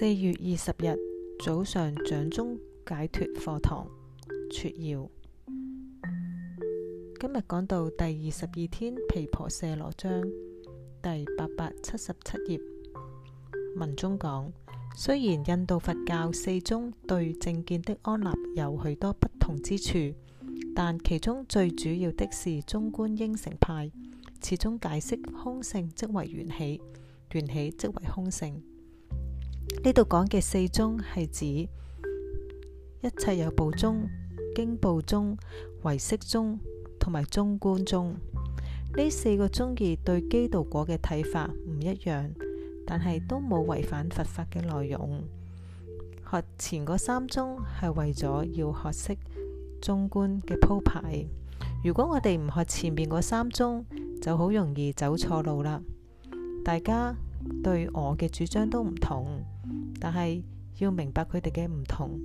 四月二十日早上掌，掌中解脫課堂撮要。今日講到第二十二天皮婆舍羅章第八百七十七頁，文中講：雖然印度佛教四宗對正見的安立有許多不同之處，但其中最主要的是中觀應成派始終解釋空性即為緣起，緣起即為空性。呢度講嘅四宗係指一切有部宗、經部宗、唯識宗同埋中觀宗呢四個宗義對基道果嘅睇法唔一樣，但係都冇違反佛法嘅內容。學前嗰三宗係為咗要學識中觀嘅鋪排。如果我哋唔學前面嗰三宗，就好容易走錯路啦。大家。對我嘅主張都唔同，但係要明白佢哋嘅唔同，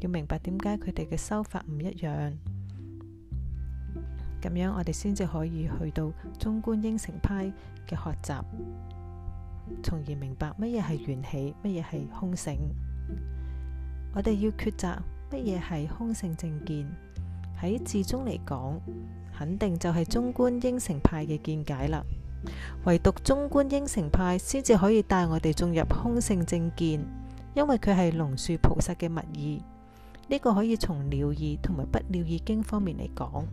要明白點解佢哋嘅修法唔一樣，咁樣我哋先至可以去到中觀應成派嘅學習，從而明白乜嘢係緣起，乜嘢係空性。我哋要抉擇乜嘢係空性正見，喺字中嚟講，肯定就係中觀應成派嘅見解啦。唯獨中觀應成派先至可以帶我哋進入空性正見，因為佢係龍樹菩薩嘅密意。呢、這個可以從了義同埋不了義經方面嚟講。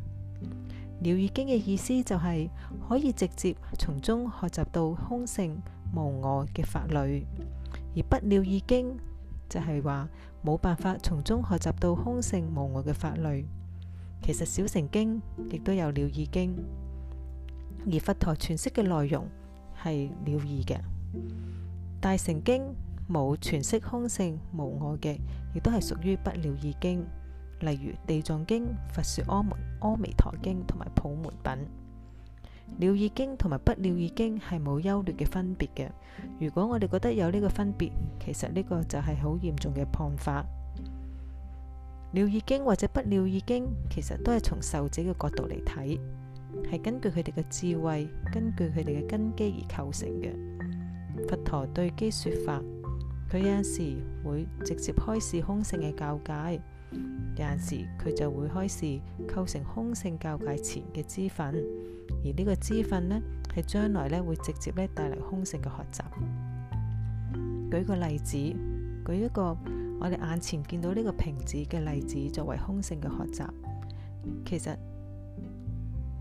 了義經嘅意思就係、是、可以直接從中學習到空性無我嘅法理，而不了義經就係話冇辦法從中學習到空性無我嘅法理。其實小乘經亦都有了義經。而佛陀詮釋嘅內容係了義嘅，《大乘經》冇詮釋空性無我嘅，亦都係屬於不了義經。例如《地藏經》、《佛說阿彌阿彌陀經》同埋《普門品》。了義經同埋不了義經係冇優劣嘅分別嘅。如果我哋覺得有呢個分別，其實呢個就係好嚴重嘅謗法。了義經或者不了義經，其實都係從受者嘅角度嚟睇。係根據佢哋嘅智慧，根據佢哋嘅根基而構成嘅。佛陀對機說法，佢有陣時會直接開示空性嘅教解，有陣時佢就會開示構成空性教解前嘅資份，而呢個資份呢，係將來咧會直接咧帶嚟空性嘅學習。舉個例子，舉一個我哋眼前見到呢個瓶子嘅例子作為空性嘅學習，其實。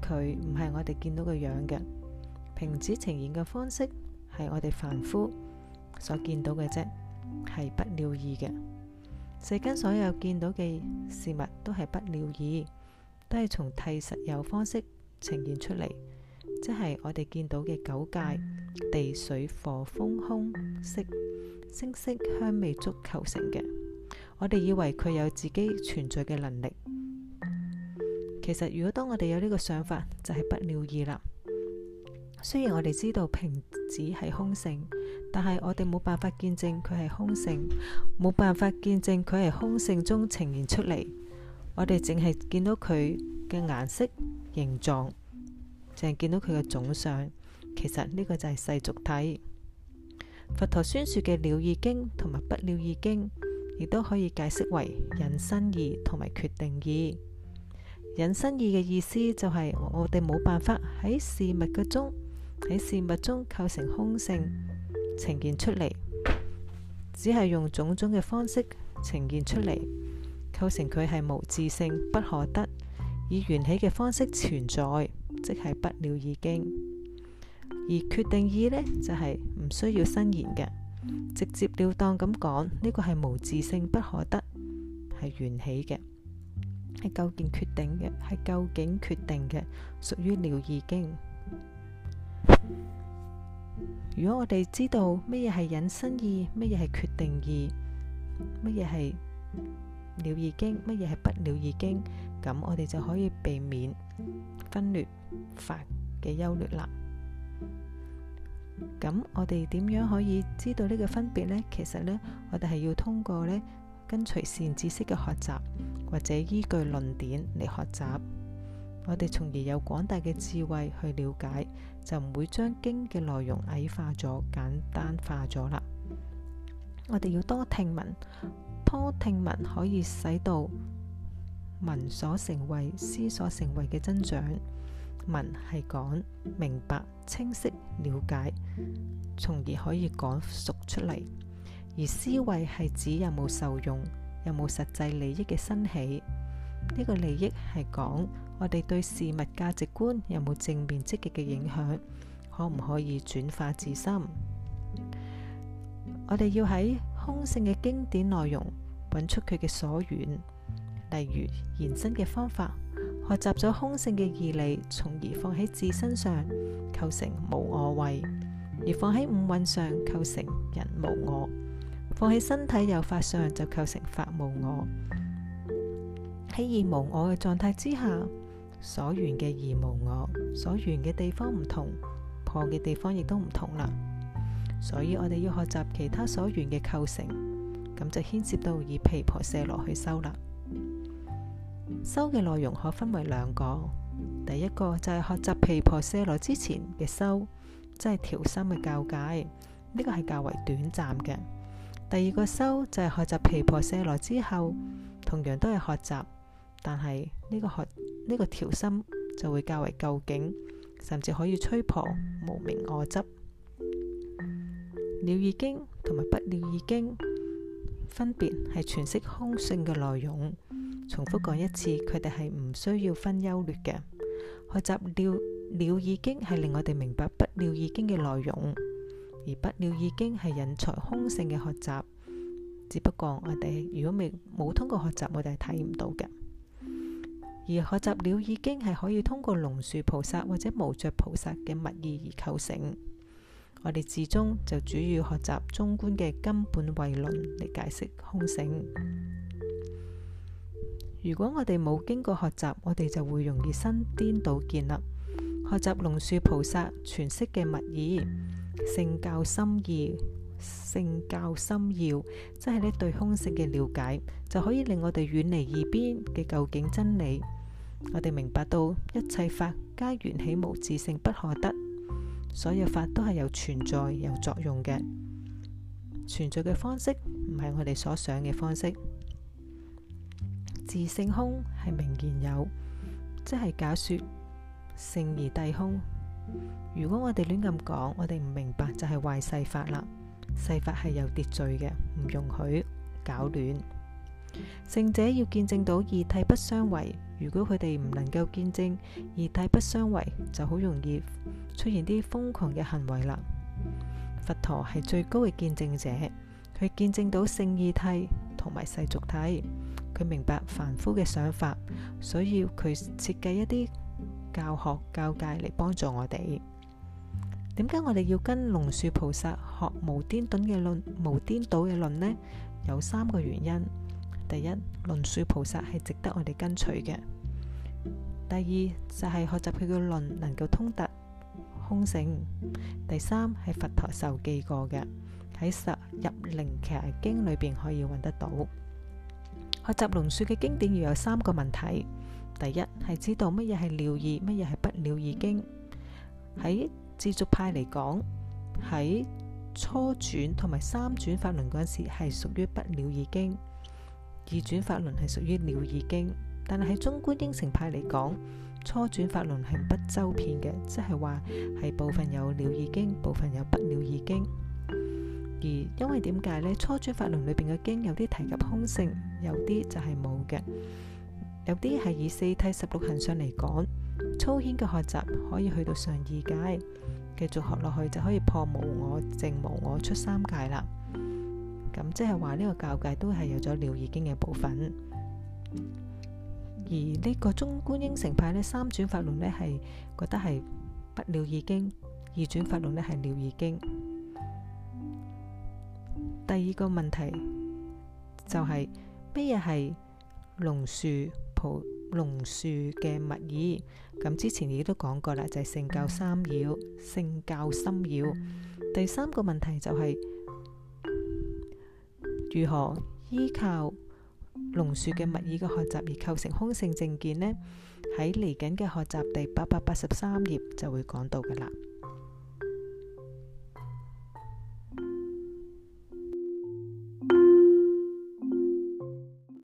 佢唔係我哋見到嘅樣嘅，瓶子呈現嘅方式係我哋凡夫所見到嘅啫，係不了義嘅。世間所有見到嘅事物都係不了義，都係從替實有方式呈現出嚟，即係我哋見到嘅九界地水火風空色聲色香味觸構成嘅。我哋以為佢有自己存在嘅能力。其實如果當我哋有呢個想法，就係、是、不了義啦。雖然我哋知道瓶子係空性，但係我哋冇辦法見證佢係空性，冇辦法見證佢係空性中呈現出嚟。我哋淨係見到佢嘅顏色、形狀，淨係見到佢嘅總相。其實呢個就係世俗諦。佛陀宣說嘅《了義經》同埋《不了義經》，亦都可以解釋為引申義」同埋決定義」。引申意嘅意思就係我哋冇辦法喺事物嘅中喺事物中構成空性呈現出嚟，只係用種種嘅方式呈現出嚟，構成佢係無自性不可得，以緣起嘅方式存在，即係不了已經。而決定意呢，就係、是、唔需要申言嘅，直接了當咁講呢個係無自性不可得，係緣起嘅。係究竟決定嘅，係究竟決定嘅，屬於了意經。如果我哋知道乜嘢係引申意，乜嘢係決定意，乜嘢係了意經，乜嘢係不了意經，咁我哋就可以避免分裂法嘅優劣啦。咁我哋點樣可以知道呢個分別呢？其實呢，我哋係要通過呢。跟隨善知識嘅學習，或者依據論點嚟學習，我哋從而有廣大嘅智慧去了解，就唔會將經嘅內容矮化咗、簡單化咗啦。我哋要多聽聞，多聽聞可以使到聞所成為思所成為嘅增長。聞係講明白、清晰、了解，從而可以講熟出嚟。而思維繫指有冇受用，有冇實際利益嘅生起。呢、這個利益係講我哋對事物價值觀有冇正面積極嘅影響，可唔可以轉化自身？我哋要喺空性嘅經典內容揾出佢嘅所緣，例如延伸嘅方法，學習咗空性嘅義理，從而放喺自身上構成無我慧，而放喺五蘊上構成人無我。放喺身體有法上就構成法無我。喺二無我嘅狀態之下，所緣嘅二無我，所緣嘅地方唔同，破嘅地方亦都唔同啦。所以我哋要學習其他所緣嘅構成，咁就牽涉到以皮婆射落去修啦。修嘅內容可分為兩個，第一個就係學習皮婆射落之前嘅修，即係調心嘅教解，呢個係較為短暫嘅。第二個修就係學習毗婆舍來之後，同樣都係學習，但係呢個學呢、呢個調心就會較為究竟，甚至可以摧破無明惡執。《了義經》同埋《不了義經》分別係詮釋空性嘅內容，重複講一次，佢哋係唔需要分優劣嘅。學習了、《了義經》係令我哋明白《不了義經》嘅內容。而不了已經係引財空性嘅學習，只不過我哋如果未冇通過學習，我哋係睇唔到嘅。而學習了已經係可以通過龍樹菩薩或者無著菩薩嘅物義而構成。我哋自宗就主要學習中觀嘅根本慧論嚟解釋空性。如果我哋冇經過學習，我哋就會容易生顛倒見啦。學習龍樹菩薩詮釋嘅物義。聖教心要，聖教心要，即係咧，對空性嘅了解，就可以令我哋遠離二邊嘅究竟真理。我哋明白到一切法皆緣起無自性不可得，所有法都係有存在有作用嘅，存在嘅方式唔係我哋所想嘅方式。自性空係明言有，即係假說，性而帶空。如果我哋亂咁講，我哋唔明白就係壞世法啦。世法係有秩序嘅，唔容許搞亂。聖者要見證到二諦不相違，如果佢哋唔能夠見證二諦不相違，就好容易出現啲瘋狂嘅行為啦。佛陀係最高嘅見證者，佢見證到聖義諦同埋世俗諦，佢明白凡夫嘅想法，所以佢設計一啲。教學教界嚟幫助我哋，點解我哋要跟龍樹菩薩學無顛倒嘅論，無顛倒嘅論呢？有三個原因：第一，龍樹菩薩係值得我哋跟隨嘅；第二，就係、是、學習佢嘅論能夠通達空性；第三，係佛陀受記過嘅，喺十入楞伽經裏邊可以揾得到。學習龍樹嘅經典要有三個問題。第一係知道乜嘢係了義，乜嘢係不了義經。喺自續派嚟講，喺初轉同埋三轉法輪嗰陣時係屬於不了義經，二轉法輪係屬於了義經。但係喺中觀應成派嚟講，初轉法輪係不周遍嘅，即係話係部分有了義經，部分有不了義經。而因為點解呢？初轉法輪裏邊嘅經有啲提及空性，有啲就係冇嘅。有啲係以四諦十六行相嚟講，粗淺嘅學習可以去到上二界，繼續學落去就可以破無我、淨無我出三界啦。咁即係話呢個教界都係有咗了義經嘅部分。而呢個中觀應成派呢，三轉法輪呢係覺得係不了義經，二轉法輪呢係了義經。第二個問題就係咩嘢係龍樹？龍樹嘅物意，咁之前亦都講過啦，就係、是、性教三要，性教三要。第三個問題就係、是、如何依靠龍樹嘅物意嘅學習而構成空性正見呢？喺嚟緊嘅學習第八百八十三頁就會講到㗎喇。